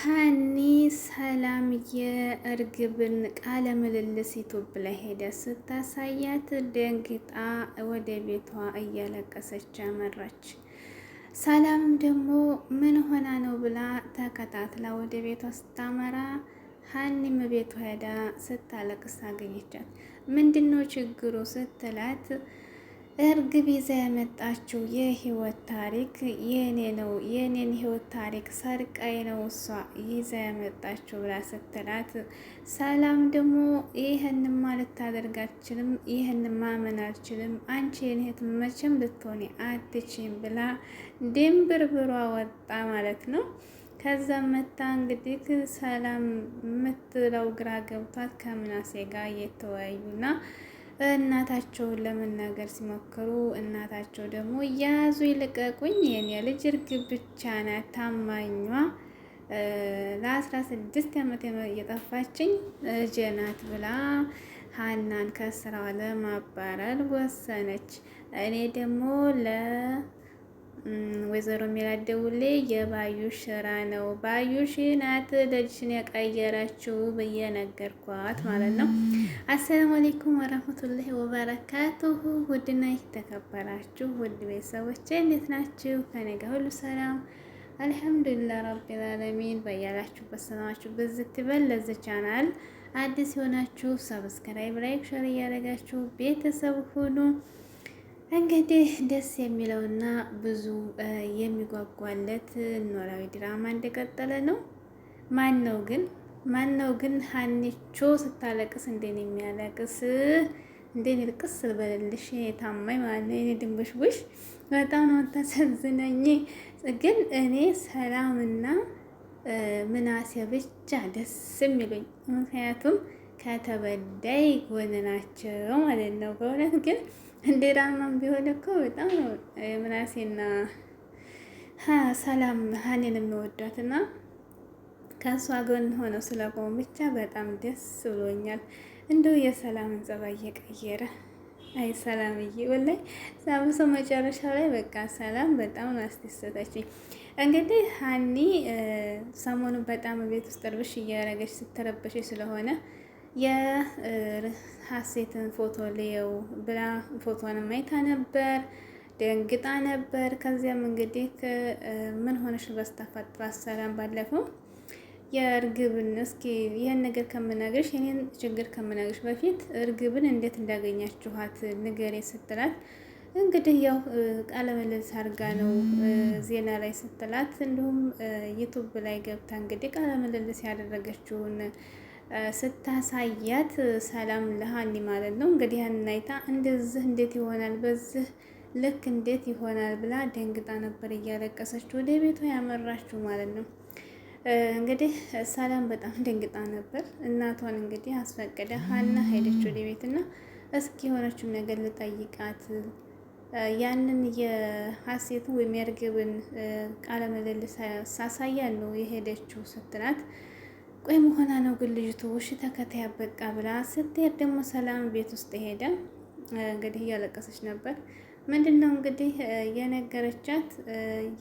ሀኒ ሰላም የእርግብን ቃለ ምልልስ ዩቱብ ላይ ሄደ ስታሳያት ደንግጣ ወደ ቤቷ እያለቀሰች አመራች። ሰላም ደግሞ ምን ሆና ነው ብላ ተከታትላ ወደ ቤቷ ስታመራ ሀኒም ቤቷ ሄዳ ስታለቅስ አገኘቻት። ምንድን ነው ችግሩ ስትላት እርግብ ይዛ ያመጣችው የህይወት ታሪክ የኔ ነው፣ የኔን ህይወት ታሪክ ሰርቃይ ነው እሷ ይዛ ያመጣችው ብላ ስትላት፣ ሰላም ደግሞ ይህንማ ልታደርግ አልችልም፣ ይህን ማመን አልችልም፣ አንቺ የኔ እህት መቼም ልትሆኒ አትችም ብላ ድንብርብሯ ወጣ ማለት ነው። ከዛ መታ እንግዲህ ሰላም የምትለው ግራ ገብቷት ከምናሴ ጋር እየተወያዩና እናታቸውን ለመናገር ሲሞክሩ እናታቸው ደግሞ ያዙ ይልቀቁኝ፣ የኔ ልጅ እርግብ ብቻ ናት ታማኟ፣ ለአስራ ስድስት ዓመት የጠፋችኝ እጄ ናት ብላ ሀናን ከስራዋ ለማባረር ወሰነች። እኔ ደግሞ ለ ወይዘሮ ሜላት ደውሌ የባዩሽ ስራ ነው፣ ባዩሽ ናት ልጅሽን የቀየረችው ብዬ ነገርኳት ማለት ነው። አሰላሙ አለይኩም ወረህመቱላሂ ወበረካቱሁ። ውድና የተከበራችሁ ውድ ቤተሰቦች እንዴት ናችሁ? ከኔ ሁሉ ሰላም አልሐምዱሊላህ ረቢል ዓለሚን። በያላችሁበት ሰላማችሁ በዝት ይበል። ለዚህ ቻናል አዲስ የሆናችሁ ሰብስክራይብ፣ ላይክ፣ ሸር እያደረጋችሁ ቤተሰብ ሁኑ። እንግዲህ ደስ የሚለውና ብዙ የሚጓጓለት ኖላዊ ድራማ እንደቀጠለ ነው። ማን ነው ግን ማን ነው ግን ሀኒቾ ስታለቅስ እንዴን የሚያለቅስ እንዴን ልቅስ በልልሽ የታማኝ ማለት ነው። የኔ ድንቡሽቡሽ በጣም ነው የምታሳዝነኝ። ግን እኔ ሰላምና ምናሴ ብቻ ደስ የሚሉኝ ምክንያቱም ከተበዳይ ጎን ናቸው ማለት ነው በእውነት ግን እንዴራማም ቢሆን እኮ በጣም ምናሴና ሰላም ሀኔን የሚወዳት እና ከእሷ ጎን ሆነው ስለቆሙ ብቻ በጣም ደስ ብሎኛል። እንደው የሰላምን ጸባይ እየቀየረ አይ ሰላምዬ ወላሂ ሳብሶ መጨረሻ ላይ በቃ ሰላም በጣም አስደሰተችኝ። እንግዲህ ሀኒ ሰሞኑን በጣም ቤት ውስጥ እርብሽ እያረገች ስትረበሽ ስለሆነ የሀሴትን ፎቶ ልየው ብላ ፎቶን ማይታ ነበር፣ ደንግጣ ነበር። ከዚያም እንግዲህ ምን ሆነሽ በስተፈጥራ ሰላም ባለፈው የእርግብን እስኪ ይህን ነገር ከምናገርሽ የኔን ችግር ከምናገርሽ በፊት እርግብን እንዴት እንዳገኛችኋት ንገሬ ስትላት እንግዲህ ያው ቃለመልስ አድርጋ ነው ዜና ላይ ስትላት፣ እንዲሁም ዩቱብ ላይ ገብታ እንግዲህ ቃለመልስ ያደረገችውን ስታሳያት ሰላም ለሀኒ ማለት ነው። እንግዲህ ያንን አይታ እንደዚህ እንዴት ይሆናል በዚህ ልክ እንዴት ይሆናል ብላ ደንግጣ ነበር እያለቀሰች ወደ ቤቷ ያመራችው ማለት ነው። እንግዲህ ሰላም በጣም ደንግጣ ነበር። እናቷን እንግዲህ አስፈቀደ ሀና ሄደች ወደ ቤትና እስኪ የሆነችውን ነገር ልጠይቃት ያንን የሀሴቱ ወይም የእርግብን ቃለ ምልልስ ሳሳያን ነው የሄደችው ስትላት ቆይ መሆና ነው ግን ልጅቱ ውሽ ተከታያ በቃ ብላ ስትሄድ ደግሞ ሰላም ቤት ውስጥ ሄደ። እንግዲህ እያለቀሰች ነበር። ምንድን ነው እንግዲህ የነገረቻት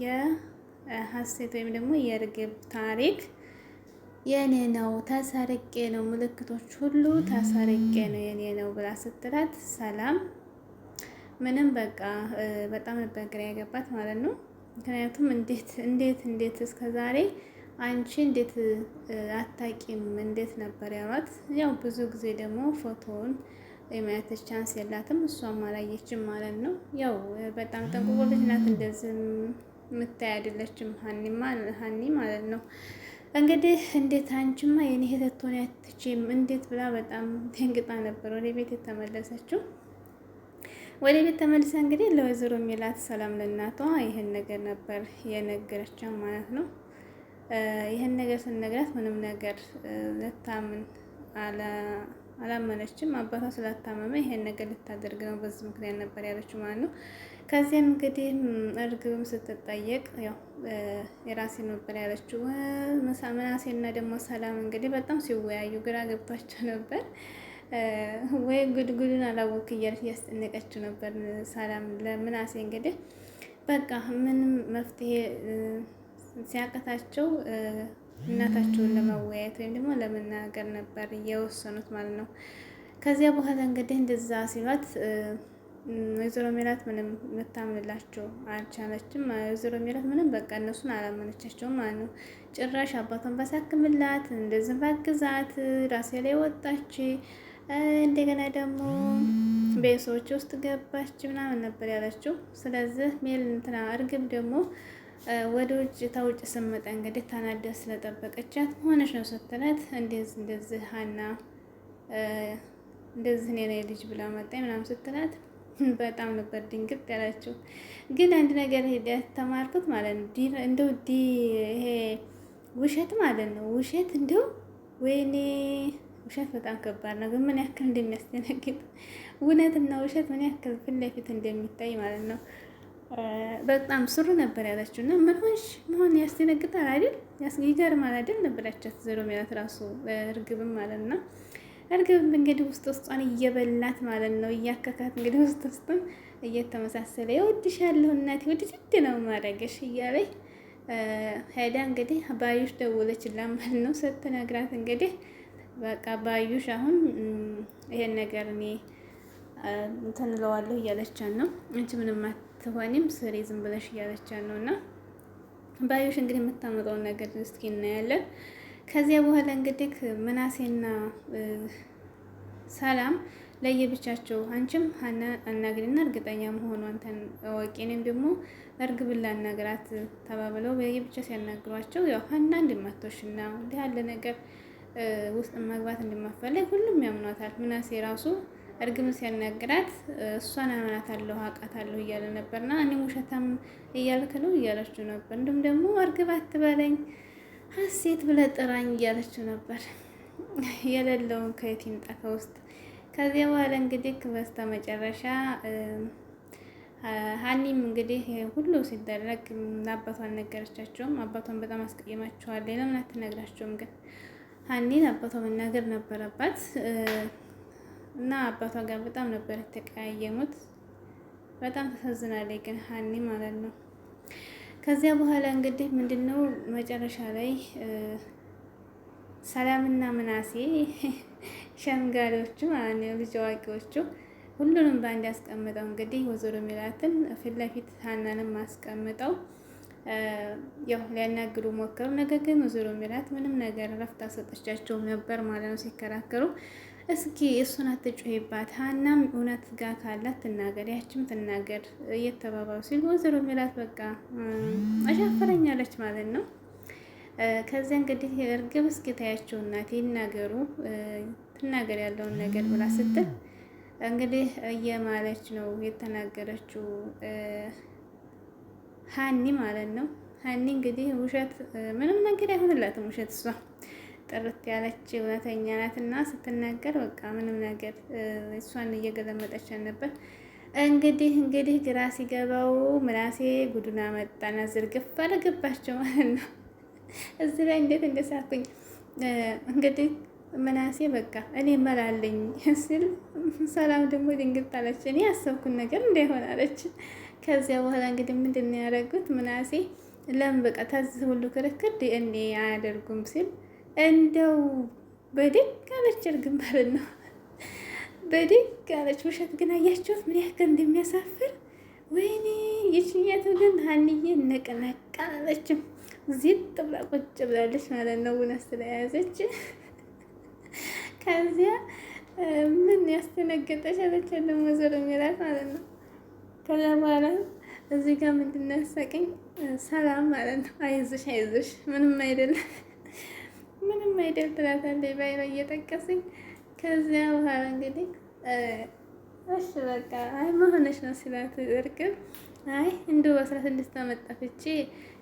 የሀሴት ወይም ደግሞ የእርግብ ታሪክ የእኔ ነው ተሰርቄ ነው ምልክቶች ሁሉ ተሰርቄ ነው የኔ ነው ብላ ስትላት ሰላም ምንም በቃ በጣም ነበር ግራ ያገባት ማለት ነው። ምክንያቱም እንዴት እንዴት እንዴት እስከዛሬ አንቺ እንዴት አታቂም? እንዴት ነበር ያሏት። ያው ብዙ ጊዜ ደግሞ ፎቶውን የማየት ቻንስ የላትም እሷም አላየችም ማለት ነው። ያው በጣም ጠንቁቆ ልጅ ናት፣ እንደዚህ የምታይ አይደለችም ሀኒ ማለት ነው። እንግዲህ እንዴት አንቺማ የኔ ህተቶን ሆነ ያትችም እንዴት ብላ በጣም ደንግጣ ነበር ወደ ቤት የተመለሰችው። ወደ ቤት ተመልሰ እንግዲህ ለወይዘሮ ሚላት ሰላም ለእናቷ ይህን ነገር ነበር የነገረቻት ማለት ነው። ይህን ነገር ስንነግራት ምንም ነገር ልታምን አላመነችም። አባቷ ስላታመመ ይሄን ነገር ልታደርግ ነው፣ በዚህ ምክንያት ነበር ያለችው ማለት ነው። ከዚያም እንግዲህ እርግብም ስትጠየቅ ያው የራሴ ነበር ያለችው። ምናሴና ደግሞ ሰላም እንግዲህ በጣም ሲወያዩ ግራ ገብቷቸው ነበር። ወይ ጉድጉድን አላወክ እያለች እያስጠነቀችው ነበር ሰላም ለምናሴ እንግዲህ በቃ ምንም መፍትሄ ሲያቀታቸው እናታቸውን ለመወያየት ወይም ደግሞ ለመናገር ነበር እየወሰኑት ማለት ነው። ከዚያ በኋላ እንግዲህ እንደዛ ሲሏት ወይዘሮ ሜላት ምንም ልታምንላቸው አልቻለችም። ወይዘሮ ሜላት ምንም በቃ እነሱን አላመነቻቸውም ማለት ነው። ጭራሽ አባቷን ባሳክምላት እንደዚህ ባግዛት ራሴ ላይ ወጣች፣ እንደገና ደግሞ ቤተሰቦች ውስጥ ገባች ምናምን ነበር ያለችው። ስለዚህ ሜል እንትና እርግብ ደግሞ ወደ ውጭ ታውጭ ስመጣ እንግዲህ ታናደ ስለጠበቀቻት ሆነች ነው ስትላት እንደዚህ እንደዚህ ሀና እንደዚህ እኔ ነኝ ልጅ ብላ መጣኝ ምናምን ስትላት በጣም ነበር ድንግጥ ያላችሁ። ግን አንድ ነገር ተማርኩት ማለት ነው እንደው ዲ ይሄ ውሸት ማለት ነው ውሸት እንደው ወይኔ ውሸት በጣም ከባድ ነው። ግን ምን ያክል እንደሚያስደነግጥ እውነትና ውሸት ምን ያክል ፊት ለፊት እንደሚታይ ማለት ነው። በጣም ስሩ ነበር ያለችው እና ምን ሆንሽ መሆን ያስደነግጣል አይደል ይገርማል አይደል ነበረቻት ዘሮ ሚላት ራሱ እርግብም ማለት ነው። እርግብም እንግዲህ ውስጥ ውስጧን እየበላት ማለት ነው እያካካት እንግዲህ ውስጥ ውስጥም እየተመሳሰለ የወድሻለሁ እናቴ ውድድ ነው ማድረገሽ እያለኝ ሄዳ እንግዲህ ባዩሽ ደወለችላት ማለት ነው ስትነግራት እንግዲህ በቃ ባዩሽ አሁን ይሄን ነገር እኔ እንትን እያለቻን ነው። አንቺ ምንም አትሆንም ስሪ ዝም ብለሽ እያለቻን ነው። እና ባዩሽ እንግዲህ የምታመጣውን ነገር እስኪ እናያለን። ከዚያ በኋላ እንግዲህ ምናሴና ሰላም ለየብቻቸው አንቺም አናግሪና እርግጠኛ መሆኗን እወቂ፣ እኔም ደግሞ እርግብላ አናግራት ተባብለው ለየብቻ ሲያናግሯቸው ያው ሀና እንድማቶሽና እንዲህ ያለ ነገር ውስጥ መግባት እንደማትፈልግ ሁሉም ያምኗታል። ምናሴ ራሱ እርግም ሲያናግራት እሷን አምናታለሁ አውቃታለሁ እያለ ነበርና እኔ ውሸታም እያልክ ነው እያለችው ነበር። እንዲሁም ደግሞ እርግብ አትበለኝ ሀሴት ብለህ ጥራኝ እያለችው ነበር። የሌለውን ከየት ይምጣ ከውስጥ። ከዚያ በኋላ እንግዲህ በስተ መጨረሻ ሀኒም እንግዲህ ሁሉ ሲደረግ አባቷ አልነገረቻቸውም። አባቷን በጣም አስቀይማቸዋል። ለምን አትነግራቸውም? ግን ሀኒን አባቷ መናገር ነበረባት። እና አባቷ ጋር በጣም ነበር የተቀያየሙት። በጣም ተሳዝናለች ግን ሀኒ ማለት ነው። ከዚያ በኋላ እንግዲህ ምንድነው መጨረሻ ላይ ሰላምና ምናሴ ሸንጋሪዎቹ ማለት ነው ልጅ አዋቂዎቹ ሁሉንም በአንድ ያስቀምጠው እንግዲህ ወይዘሮ ሚላትን ፊት ለፊት ሀናንም አስቀምጠው ያው ሊያናግሩ ሞከሩ። ነገር ግን ወይዘሮ ሚላት ምንም ነገር ረፍት አልሰጠቻቸውም ነበር ማለት ነው ሲከራከሩ እስኪ እሱን አትጩሂባት፣ ሀናም እውነት ጋ ካላት ትናገር፣ ያችም ትናገር እየተባባሉ ሲል ወይዘሮ ሜላት በቃ አሻፈረኛለች ማለት ነው። ከዚያ እንግዲህ እርግብ እስኪ ታያቸው እናት ይናገሩ ትናገር ያለውን ነገር ብላ ስትል እንግዲህ እየማለች ነው የተናገረችው ሀኒ ማለት ነው። ሀኒ እንግዲህ ውሸት ምንም ነገር አይሆንላትም ውሸት እሷ ጥርት ያለች እውነተኛ ናት እና ስትናገር በቃ ምንም ነገር እሷን እየገለመጠች ነበር። እንግዲህ እንግዲህ ግራ ሲገባው ምናሴ ጉዱና መጣና ዝርግፍ አለገባቸው ማለት ነው። እዚህ ላይ እንዴት እንደሳኩኝ እንግዲህ ምናሴ በቃ እኔ መላለኝ ሲል ሰላም ደግሞ ድንግጥ አለች። እኔ ያሰብኩን ነገር እንዳይሆን አለች። ከዚያ በኋላ እንግዲህ ምንድን ነው ያደረጉት ምናሴ ለምን በቃ ታዝ ሁሉ ክርክር እኔ አያደርጉም ሲል እንደው በድግ አለች እርግብ ማለት ነው። በድግ አለች። ውሸት ግን አያችሁት ምን ያክል እንደሚያሳፍር ወይኔ የችኛቱ ግን ሀንዬ ነቅነቅ አላለችም። ዚጥ ብላ ቁጭ ብላለች ማለት ነው። ውነት ስለያዘች ከዚያ ምን ያስተነገጠች አለች ደግሞ ዞር የሚላት ማለት ነው። ከዚያ በኋላ እዚህ ጋር ምንድን ነው ያሳቀኝ ሰላም ማለት ነው። አይዞሽ አይዞሽ ምንም አይደለም ምንም አይደል ትላታለች። ባይኗ እየጠቀሰኝ ከዚያ በኋላ እንግዲህ እሺ በቃ አይ መሆነሽ ነው ሲላት እርግብ አይ እንደው በአስራ ስድስት ዓመት ጠፍቼ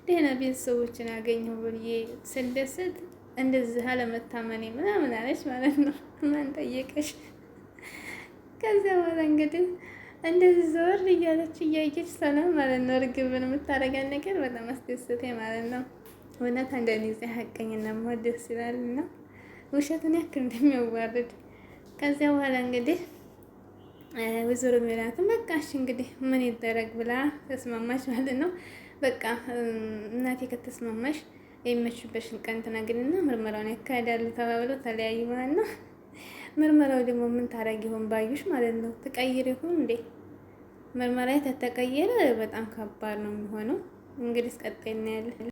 ደህና ቤተሰቦችን አገኘሁ ብዬ ስደሰት እንደዚህ አለመታመኔ ምናምን አለች ማለት ነው። ማን ጠየቀሽ? ከዚያ በኋላ እንግዲህ እንደዚህ ዘወር እያለች እያየች ሰላም ማለት ነው እርግብን የምታደርጋት ነገር በጣም አስደስቴ ማለት ነው። እውነት አንዳንድ ጊዜ ሀቀኝና መሆን ደስ ይላል እና ውሸትን ያክል እንደሚያዋርድ ከዚያ በኋላ እንግዲህ ወይዘሮ ሜላትም በቃ እሺ እንግዲህ ምን ይደረግ ብላ ተስማማች ማለት ነው። በቃ እናቴ ከተስማማሽ የሚመችበሽን ቀን ተናግሪና ምርመራውን ያካሂዳሉ ተባብለው ተለያዩ ማለት ነው። ምርመራው ደግሞ ምን ታረግ ይሆን ባዩሽ ማለት ነው። ትቀይር ይሆን እንዴ? ምርመራ ተተቀየረ በጣም ከባድ ነው የሚሆነው። እንግዲህ ቀጣይ እናያለን።